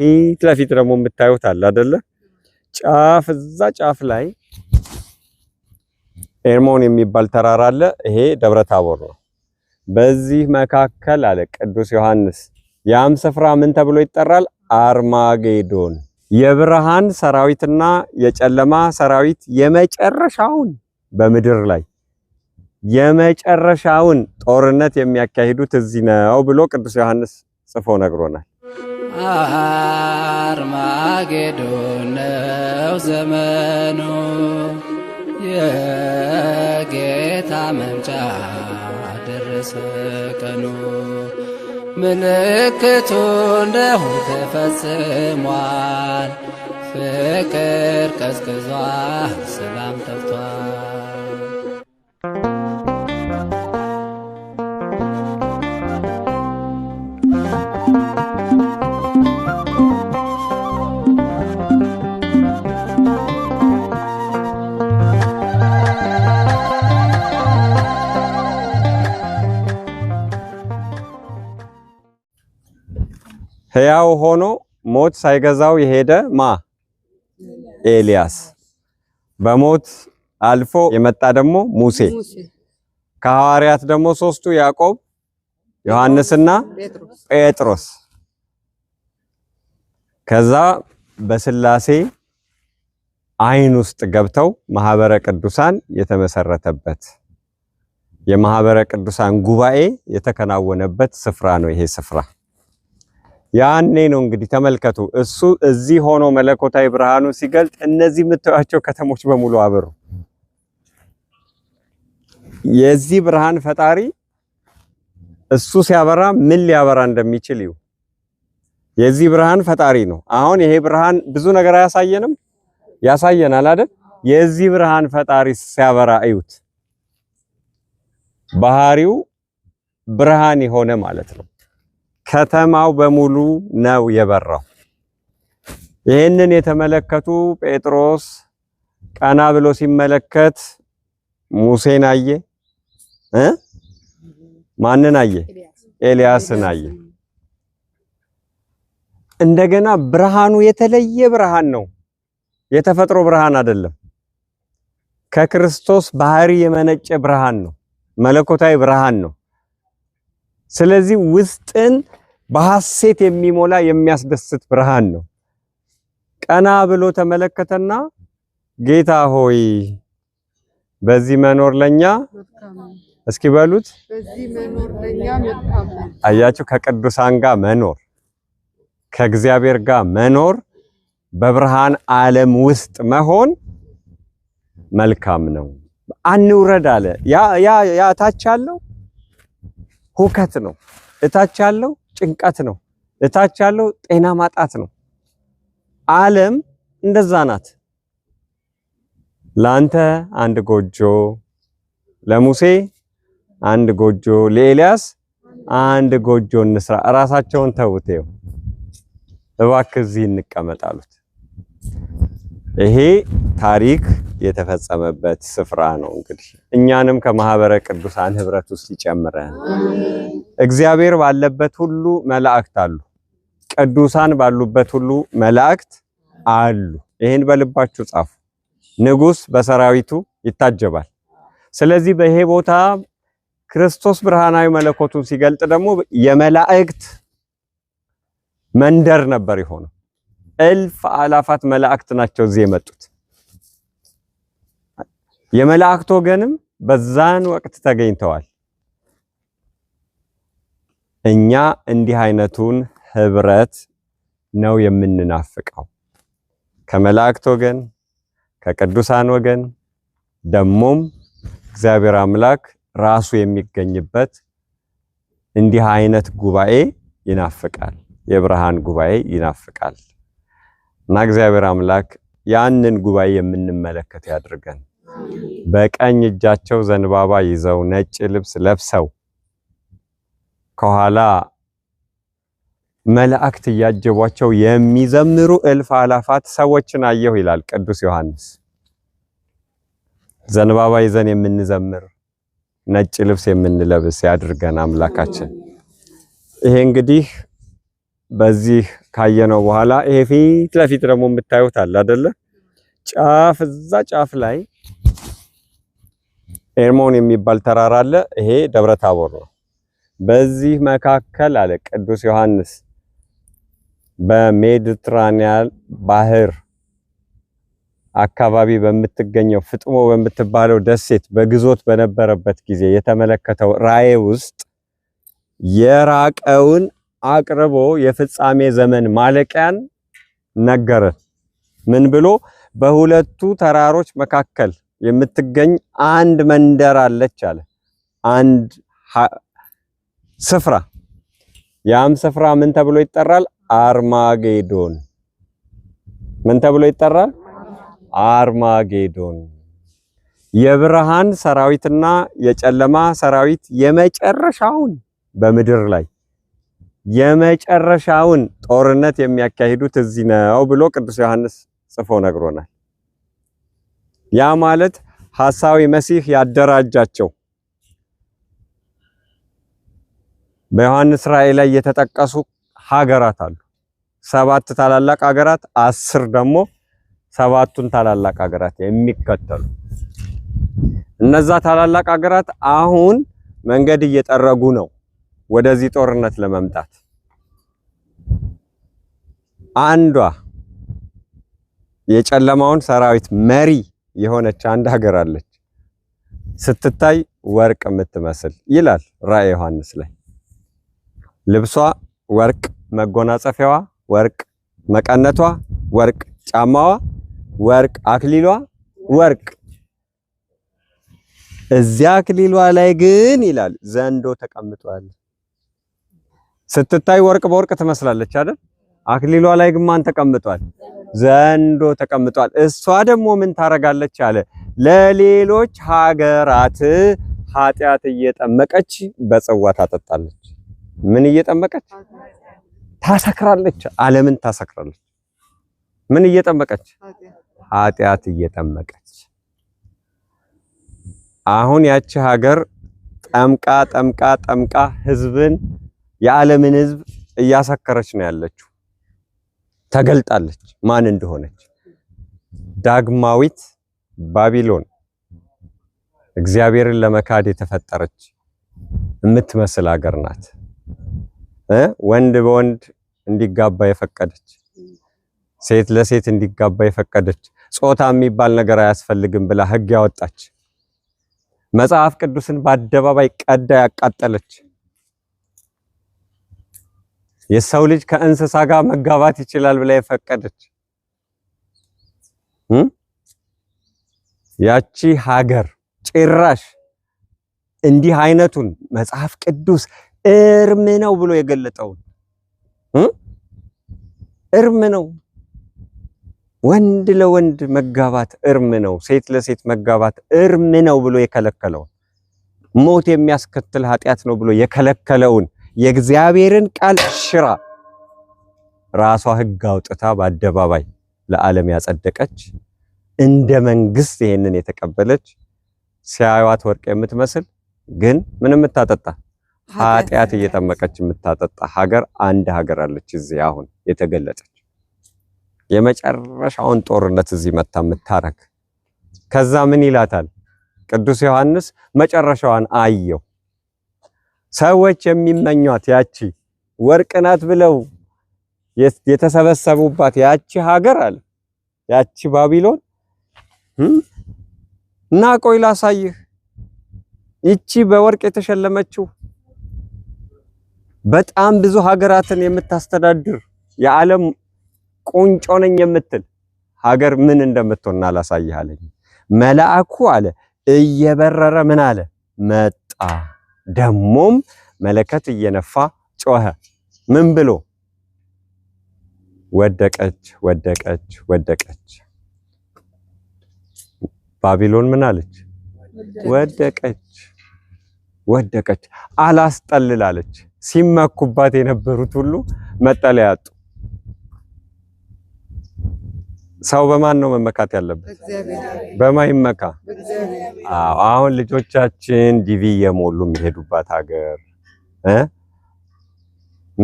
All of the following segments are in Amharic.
ፊት ለፊት ደግሞ የምታዩት አለ አይደለ? ጫፍ እዛ ጫፍ ላይ ኤርሞን የሚባል ተራራ አለ። ይሄ ደብረ ታቦር ነው። በዚህ መካከል አለ ቅዱስ ዮሐንስ ያም ስፍራ ምን ተብሎ ይጠራል? አርማጌዶን የብርሃን ሰራዊትና የጨለማ ሰራዊት የመጨረሻውን በምድር ላይ የመጨረሻውን ጦርነት የሚያካሂዱት እዚህ ነው ብሎ ቅዱስ ዮሐንስ ጽፎ ነግሮናል። አርማጌዶን ነው ዘመኑ የጌታ መምጫ ደረሰ ቀኑ። ምልክቱ እንደሁ ተፈጽሟል። ፍቅር ቀዝቅዟል፣ ሰላም ጠፍቷል። ሕያው ሆኖ ሞት ሳይገዛው የሄደ ማ ኤልያስ፣ በሞት አልፎ የመጣ ደግሞ ሙሴ፣ ከሐዋርያት ደግሞ ሶስቱ ያዕቆብ፣ ዮሐንስና ጴጥሮስ። ከዛ በስላሴ አይን ውስጥ ገብተው ማህበረ ቅዱሳን የተመሰረተበት የማህበረ ቅዱሳን ጉባኤ የተከናወነበት ስፍራ ነው ይሄ ስፍራ። ያኔ ነው እንግዲህ ተመልከቱ። እሱ እዚህ ሆኖ መለኮታዊ ብርሃኑ ሲገልጥ እነዚህ የምታዩቸው ከተሞች በሙሉ አበሩ። የዚህ ብርሃን ፈጣሪ እሱ ሲያበራ ምን ሊያበራ እንደሚችል ይው የዚህ ብርሃን ፈጣሪ ነው። አሁን ይሄ ብርሃን ብዙ ነገር አያሳየንም? ያሳየናል አይደል? የዚህ ብርሃን ፈጣሪ ሲያበራ እዩት። ባህሪው ብርሃን የሆነ ማለት ነው። ከተማው በሙሉ ነው የበራው። ይህንን የተመለከቱ ጴጥሮስ ቀና ብሎ ሲመለከት ሙሴን አየ እ ማንን አየ? ኤልያስን አየ። እንደገና ብርሃኑ የተለየ ብርሃን ነው፣ የተፈጥሮ ብርሃን አይደለም። ከክርስቶስ ባህሪ የመነጨ ብርሃን ነው፣ መለኮታዊ ብርሃን ነው። ስለዚህ ውስጥን በሐሴት የሚሞላ የሚያስደስት ብርሃን ነው። ቀና ብሎ ተመለከተና ጌታ ሆይ በዚህ መኖር ለኛ እስኪ በሉት አያችሁ፣ ከቅዱሳን ጋር መኖር ከእግዚአብሔር ጋር መኖር በብርሃን ዓለም ውስጥ መሆን መልካም ነው። አንውረድ አለ። ያ ያ ታች ያለው ሁከት ነው። እታች ያለው ጭንቀት ነው። እታች ያለው ጤና ማጣት ነው። ዓለም እንደዛ ናት። ላንተ አንድ ጎጆ፣ ለሙሴ አንድ ጎጆ፣ ለኤልያስ አንድ ጎጆ እንስራ። እራሳቸውን ተውቴው እባክህ እዚህ እንቀመጣሉት። ይሄ ታሪክ የተፈጸመበት ስፍራ ነው። እንግዲህ እኛንም ከማህበረ ቅዱሳን ህብረት ውስጥ ይጨምረን። እግዚአብሔር ባለበት ሁሉ መላእክት አሉ። ቅዱሳን ባሉበት ሁሉ መላእክት አሉ። ይህን በልባችሁ ጻፉ። ንጉስ በሰራዊቱ ይታጀባል። ስለዚህ በይሄ ቦታ ክርስቶስ ብርሃናዊ መለኮቱን ሲገልጥ ደግሞ የመላእክት መንደር ነበር የሆነው። እልፍ አላፋት መላእክት ናቸው እዚህ የመጡት። የመላእክት ወገንም በዛን ወቅት ተገኝተዋል። እኛ እንዲህ አይነቱን ህብረት ነው የምንናፍቀው። ከመላእክት ወገን፣ ከቅዱሳን ወገን ደሞም እግዚአብሔር አምላክ ራሱ የሚገኝበት እንዲህ አይነት ጉባኤ ይናፍቃል። የብርሃን ጉባኤ ይናፍቃል እና እግዚአብሔር አምላክ ያንን ጉባኤ የምንመለከት ያድርገን። በቀኝ እጃቸው ዘንባባ ይዘው ነጭ ልብስ ለብሰው ከኋላ መላእክት እያጀቧቸው የሚዘምሩ እልፍ አላፋት ሰዎችን አየሁ ይላል ቅዱስ ዮሐንስ። ዘንባባ ይዘን የምንዘምር ነጭ ልብስ የምንለብስ ያድርገን አምላካችን። ይሄ እንግዲህ በዚህ ካየነው በኋላ ይሄ ፊት ለፊት ደግሞ የምታዩት አለ አይደለ? ጫፍ እዛ ጫፍ ላይ ሄርሞን የሚባል ተራራ አለ። ይሄ ደብረ ታቦር ነው። በዚህ መካከል አለ ቅዱስ ዮሐንስ በሜዲትራኒያን ባህር አካባቢ በምትገኘው ፍጥሞ በምትባለው ደሴት በግዞት በነበረበት ጊዜ የተመለከተው ራእይ ውስጥ የራቀውን አቅርቦ የፍጻሜ ዘመን ማለቂያን ነገረን። ምን ብሎ በሁለቱ ተራሮች መካከል የምትገኝ አንድ መንደር አለች አለ። አንድ ስፍራ ያም ስፍራ ምን ተብሎ ይጠራል? አርማጌዶን። ምን ተብሎ ይጠራል? አርማጌዶን። የብርሃን ሰራዊትና የጨለማ ሰራዊት የመጨረሻውን በምድር ላይ የመጨረሻውን ጦርነት የሚያካሂዱት እዚህ ነው ብሎ ቅዱስ ዮሐንስ ጽፎ ነግሮናል። ያ ማለት ሐሳዊ መሲህ ያደራጃቸው በዮሐንስ ራእይ ላይ የተጠቀሱ ሀገራት አሉ። ሰባት ታላላቅ ሀገራት፣ አስር ደግሞ ሰባቱን ታላላቅ ሀገራት የሚከተሉ እነዛ ታላላቅ ሀገራት አሁን መንገድ እየጠረጉ ነው ወደዚህ ጦርነት ለመምጣት አንዷ የጨለማውን ሰራዊት መሪ የሆነች አንድ ሀገር አለች ስትታይ ወርቅ የምትመስል ይላል ራእየ ዮሐንስ ላይ። ልብሷ ወርቅ፣ መጎናጸፊያዋ ወርቅ፣ መቀነቷ ወርቅ፣ ጫማዋ ወርቅ፣ አክሊሏ ወርቅ። እዚያ አክሊሏ ላይ ግን ይላል ዘንዶ ተቀምጧል። ስትታይ ወርቅ በወርቅ ትመስላለች አይደል? አክሊሏ ላይ ግን ማን ተቀምጧል? ዘንዶ ተቀምጧል። እሷ ደግሞ ምን ታረጋለች አለ ለሌሎች ሀገራት ኃጢአት እየጠመቀች በጽዋ ታጠጣለች። ምን እየጠመቀች ታሰክራለች? ዓለምን ታሰክራለች። ምን እየጠመቀች ኃጢአት እየጠመቀች አሁን ያቺ ሀገር ጠምቃ ጠምቃ ጠምቃ ህዝብን የዓለምን ህዝብ እያሰከረች ነው ያለችው። ተገልጣለች ማን እንደሆነች። ዳግማዊት ባቢሎን እግዚአብሔርን ለመካድ የተፈጠረች የምትመስል ሀገር ናት። ወንድ በወንድ እንዲጋባ የፈቀደች፣ ሴት ለሴት እንዲጋባ የፈቀደች፣ ጾታ የሚባል ነገር አያስፈልግም ብላ ሕግ ያወጣች፣ መጽሐፍ ቅዱስን በአደባባይ ቀዳ ያቃጠለች የሰው ልጅ ከእንስሳ ጋር መጋባት ይችላል ብላ የፈቀደች ያቺ ሀገር ጭራሽ እንዲህ አይነቱን መጽሐፍ ቅዱስ እርም ነው ብሎ የገለጠውን እርም ነው። ወንድ ለወንድ መጋባት እርም ነው፣ ሴት ለሴት መጋባት እርም ነው ብሎ የከለከለውን ሞት የሚያስከትል ኃጢአት ነው ብሎ የከለከለውን የእግዚአብሔርን ቃል ሽራ ራሷ ሕግ አውጥታ በአደባባይ ለዓለም ያጸደቀች እንደ መንግስት ይሄንን የተቀበለች ሲያዩት ወርቅ የምትመስል ግን ምን የምታጠጣ ኃጢአት እየጠመቀች የምታጠጣ ሀገር አንድ ሀገር አለች። እዚህ አሁን የተገለጠች የመጨረሻውን ጦርነት እዚህ መታ የምታረግ ከዛ ምን ይላታል ቅዱስ ዮሐንስ መጨረሻዋን አየው። ሰዎች የሚመኟት ያቺ ወርቅ ናት ብለው የተሰበሰቡባት ያቺ ሀገር አለ ያቺ ባቢሎን እና ቆይ ላሳይህ። ይቺ በወርቅ የተሸለመችው በጣም ብዙ ሀገራትን የምታስተዳድር የዓለም ቁንጮ ነኝ የምትል ሀገር ምን እንደምትሆን አላሳይህ አለኝ። መልአኩ አለ እየበረረ ምን አለ መጣ ደሞም መለከት እየነፋ ጮኸ። ምን ብሎ ወደቀች፣ ወደቀች፣ ወደቀች። ባቢሎን ምን አለች? ወደቀች፣ ወደቀች። አላስጠልላለች። ሲመኩባት የነበሩት ሁሉ መጠለያ ያጡ። ሰው በማን ነው መመካት ያለበት? በማይመካ አሁን ልጆቻችን ዲቪ እየሞሉ የሚሄዱባት ሀገር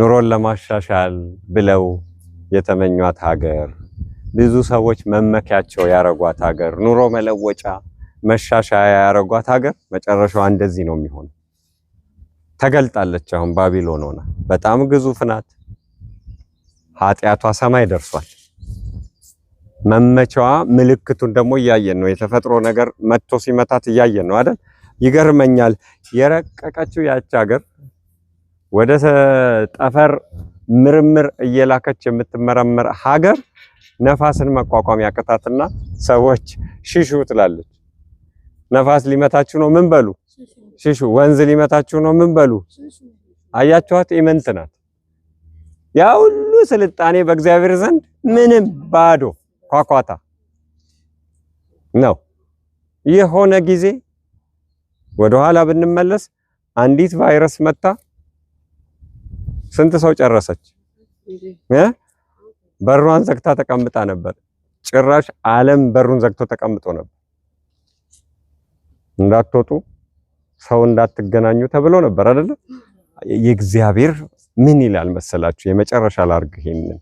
ኑሮን ለማሻሻል ብለው የተመኟት ሀገር ብዙ ሰዎች መመኪያቸው ያረጓት ሀገር ኑሮ መለወጫ መሻሻያ ያረጓት ሀገር መጨረሻዋ እንደዚህ ነው የሚሆነው። ተገልጣለች። አሁን ባቢሎን ሆና በጣም ግዙፍ ናት። ኃጢአቷ ሰማይ ደርሷል። መመቻዋ ምልክቱን ደግሞ እያየን ነው። የተፈጥሮ ነገር መጥቶ ሲመታት እያየን ነው አይደል? ይገርመኛል። የረቀቀችው ያች ሀገር ወደ ጠፈር ምርምር እየላከች የምትመረመር ሀገር ነፋስን መቋቋም ያቅታትና ሰዎች ሽሹ ትላለች። ነፋስ ሊመታችሁ ነው ምን በሉ ሽሹ፣ ወንዝ ሊመታችሁ ነው ምን በሉ። አያችኋት? ኢምንት ናት። ያ ሁሉ ስልጣኔ በእግዚአብሔር ዘንድ ምንም ባዶ ኳኳታ ነው። የሆነ ጊዜ ወደኋላ ብንመለስ አንዲት ቫይረስ መታ ስንት ሰው ጨረሰች? በሯን ዘግታ ተቀምጣ ነበር። ጭራሽ ዓለም በሩን ዘግቶ ተቀምጦ ነበር። እንዳትወጡ ሰው እንዳትገናኙ ተብሎ ነበር አይደለ? የእግዚአብሔር ምን ይላል መሰላችሁ? የመጨረሻ ላርግ ይሄንን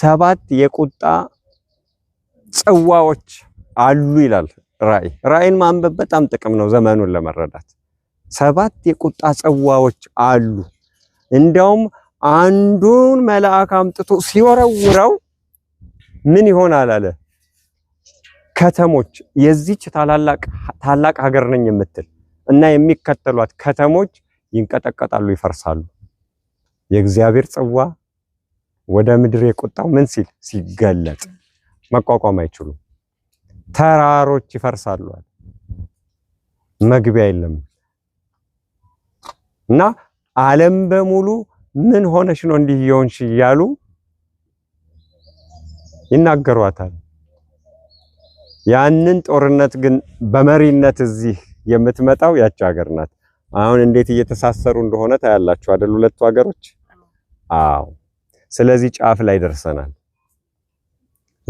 ሰባት የቁጣ ጽዋዎች አሉ ይላል ራእይ። ራእይን ማንበብ በጣም ጥቅም ነው ዘመኑን ለመረዳት። ሰባት የቁጣ ጽዋዎች አሉ። እንደውም አንዱን መልአክ አምጥቶ ሲወረውረው ምን ይሆናል አለ ከተሞች የዚች ታላላቅ ታላቅ ሀገር ነኝ የምትል እና የሚከተሏት ከተሞች ይንቀጠቀጣሉ፣ ይፈርሳሉ። የእግዚአብሔር ጽዋ ወደ ምድር የቁጣው ምን ሲል ሲገለጥ መቋቋም አይችሉም። ተራሮች ይፈርሳሉ፣ መግቢያ የለም እና ዓለም በሙሉ ምን ሆነሽ ነው እንዲህ የሆንሽ እያሉ ይናገሯታል። ያንን ጦርነት ግን በመሪነት እዚህ የምትመጣው ያቺ ሀገር ናት። አሁን እንዴት እየተሳሰሩ እንደሆነ ታያላችሁ አይደል? ሁለቱ ሀገሮች። አዎ። ስለዚህ ጫፍ ላይ ደርሰናል።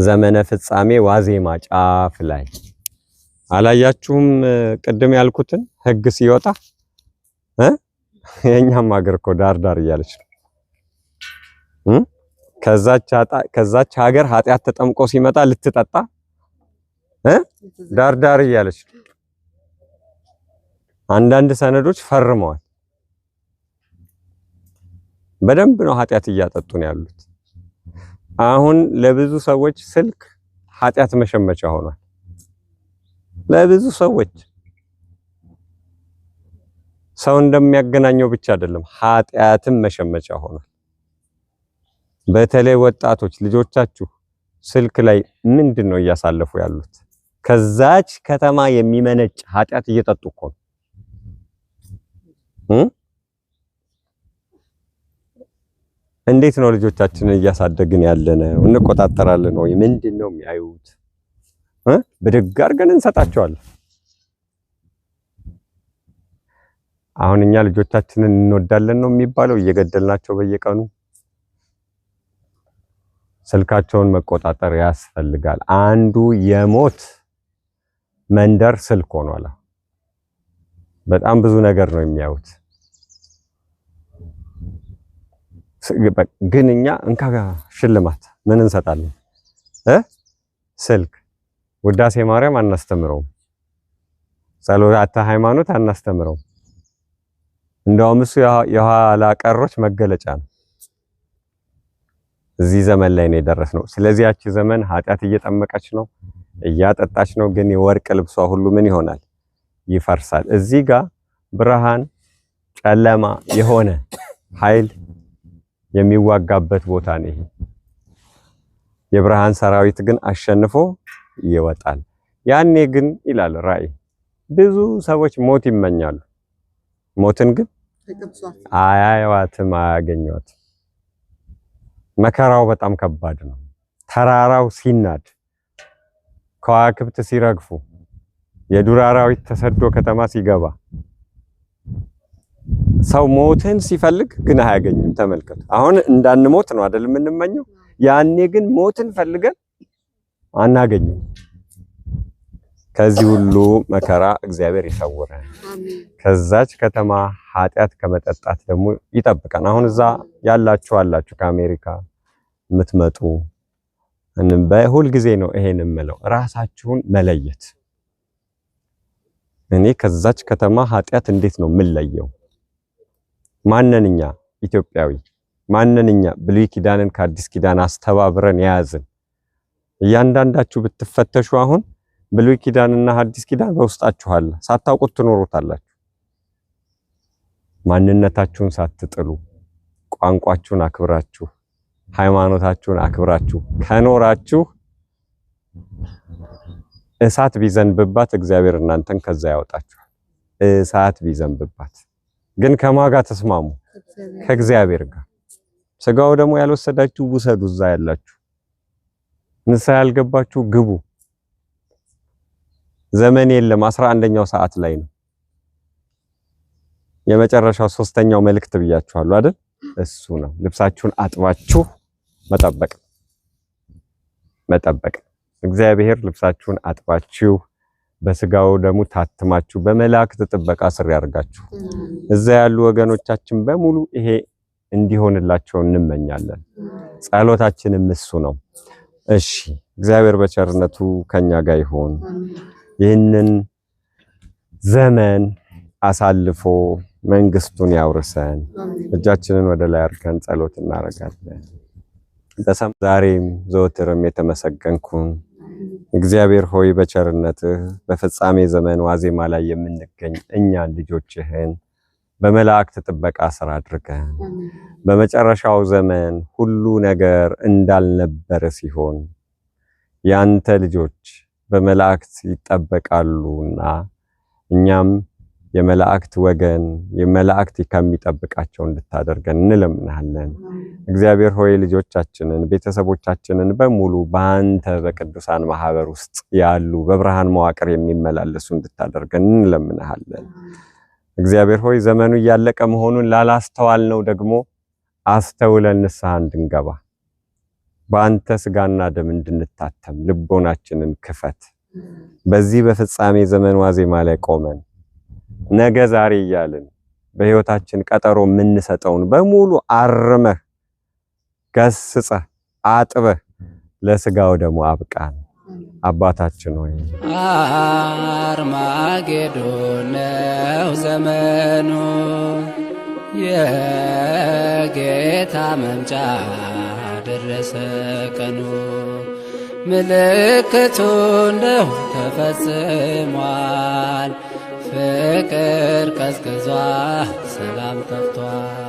ዘመነ ፍጻሜ ዋዜማ ጫፍ ላይ አላያችሁም? ቅድም ያልኩትን ህግ ሲወጣ እ የኛም ሀገር እኮ ዳር ዳር እያለች ነው። ከዛች ሀገር ኃጢአት ተጠምቆ ሲመጣ ልትጠጣ እ ዳር ዳር እያለች ነው። አንዳንድ ሰነዶች ፈርመዋል። በደንብ ነው ኃጢአት እያጠጡን ያሉት። አሁን ለብዙ ሰዎች ስልክ ኃጢአት መሸመቻ ሆኗል። ለብዙ ሰዎች ሰው እንደሚያገናኘው ብቻ አይደለም፣ ኃጢአትም መሸመቻ ሆኗል። በተለይ ወጣቶች ልጆቻችሁ ስልክ ላይ ምንድን ነው እያሳለፉ ያሉት? ከዛች ከተማ የሚመነጭ ኃጢአት እየጠጡ እኮ ነው። እንዴት ነው ልጆቻችንን እያሳደግን ያለነው? እንቆጣጠራለን ወይ? ምንድን ነው የሚያዩት? ብድግ አድርገን እንሰጣቸዋለን። አሁን እኛ ልጆቻችንን እንወዳለን ነው የሚባለው? እየገደልናቸው በየቀኑ ስልካቸውን መቆጣጠር ያስፈልጋል። አንዱ የሞት መንደር ስልክ ሆኗል። በጣም ብዙ ነገር ነው የሚያዩት። ግን እኛ እንካ ሽልማት ምን እንሰጣለን? ስልክ ውዳሴ ማርያም አናስተምረውም፣ ጸሎተ ሃይማኖት አናስተምረውም። እንደውም እሱ የኋላ ቀሮች መገለጫ ነው። እዚህ ዘመን ላይ ነው የደረስነው። ስለዚህ ያቺ ዘመን ኃጢአት እየጠመቀች ነው፣ እያጠጣች ነው። ግን የወርቅ ልብሷ ሁሉ ምን ይሆናል? ይፈርሳል። እዚህ ጋር ብርሃን ጨለማ የሆነ ኃይል የሚዋጋበት ቦታ ነው ይሄ። የብርሃን ሰራዊት ግን አሸንፎ ይወጣል። ያኔ ግን ይላል ራእይ ብዙ ሰዎች ሞት ይመኛሉ። ሞትን ግን አያዩዋትም፣ አያገኟትም። መከራው በጣም ከባድ ነው። ተራራው ሲናድ፣ ከዋክብት ሲረግፉ፣ የዱር አራዊት ተሰዶ ከተማ ሲገባ ሰው ሞትን ሲፈልግ ግን አያገኝም። ተመልከቱ። አሁን እንዳንሞት ነው አይደል የምንመኘው? ያኔ ግን ሞትን ፈልገን አናገኝም። ከዚህ ሁሉ መከራ እግዚአብሔር ይሰውረን። ከዛች ከተማ ኃጢአት ከመጠጣት ደግሞ ይጠብቀን። አሁን እዛ ያላችሁ አላችሁ ከአሜሪካ የምትመጡ ጊዜ ነው ይሄን የምለው፣ ራሳችሁን መለየት። እኔ ከዛች ከተማ ኃጢአት እንዴት ነው የምለየው? ማነንኛ ኢትዮጵያዊ ማነንኛ ብሉይ ኪዳንን ከአዲስ ኪዳን አስተባብረን የያዝን እያንዳንዳችሁ ብትፈተሹ አሁን ብሉይ ኪዳንና ሐዲስ ኪዳን በውስጣችሁ አለ። ሳታውቁት ትኖሩታላችሁ። ማንነታችሁን ሳትጥሉ ቋንቋችሁን አክብራችሁ ሃይማኖታችሁን አክብራችሁ ከኖራችሁ እሳት ቢዘንብባት እግዚአብሔር እናንተን ከዛ ያወጣችኋል። እሳት ቢዘንብባት ግን ከማጋ ተስማሙ ከእግዚአብሔር ጋር ስጋው ደግሞ ያልወሰዳችሁ ውሰዱ። እዛ ያላችሁ ንሳ ያልገባችሁ ግቡ። ዘመን የለም። አስራ አንደኛው ሰዓት ላይ ነው የመጨረሻው ሶስተኛው መልእክት ብያችኋለሁ አይደል? እሱ ነው። ልብሳችሁን አጥባችሁ መጠበቅ መጠበቅ። እግዚአብሔር ልብሳችሁን አጥባችሁ በስጋው ደግሞ ታትማችሁ በመላእክት ጥበቃ ስር ያድርጋችሁ። እዛ ያሉ ወገኖቻችን በሙሉ ይሄ እንዲሆንላቸው እንመኛለን። ጸሎታችንም እሱ ነው። እሺ፣ እግዚአብሔር በቸርነቱ ከኛ ጋር ይሆን። ይህንን ዘመን አሳልፎ መንግስቱን ያውርሰን። እጃችንን ወደ ላይ አድርገን ጸሎት እናደርጋለን። ዛሬም ዘወትርም የተመሰገንኩን እግዚአብሔር ሆይ በቸርነትህ በፍጻሜ ዘመን ዋዜማ ላይ የምንገኝ እኛን ልጆችህን በመላእክት ጥበቃ ስር አድርገን በመጨረሻው ዘመን ሁሉ ነገር እንዳልነበረ ሲሆን ያንተ ልጆች በመላእክት ይጠበቃሉና እኛም የመላእክት ወገን የመላእክት ከሚጠብቃቸው እንድታደርገን እንለምናለን። እግዚአብሔር ሆይ ልጆቻችንን፣ ቤተሰቦቻችንን በሙሉ በአንተ በቅዱሳን ማህበር ውስጥ ያሉ በብርሃን መዋቅር የሚመላለሱ እንድታደርገን እንለምናለን። እግዚአብሔር ሆይ ዘመኑ እያለቀ መሆኑን ላላስተዋል ነው ደግሞ አስተውለን ንስሐ እንድንገባ በአንተ ስጋና ደም እንድንታተም ልቦናችንን ክፈት። በዚህ በፍጻሜ ዘመን ዋዜማ ላይ ቆመን ነገ ዛሬ እያልን በህይወታችን ቀጠሮ የምንሰጠውን በሙሉ አርመህ ገስጸህ አጥበህ ለስጋው ደግሞ አብቃን። አባታችን ሆይ አርማጌዶን ነው ዘመኑ የጌታ መምጫ ደረሰ ቀኑ ምልክቱ እንደው ተፈጽሟል። ፍቅር ቀዝቅዟ ሰላም ጠፍቷል።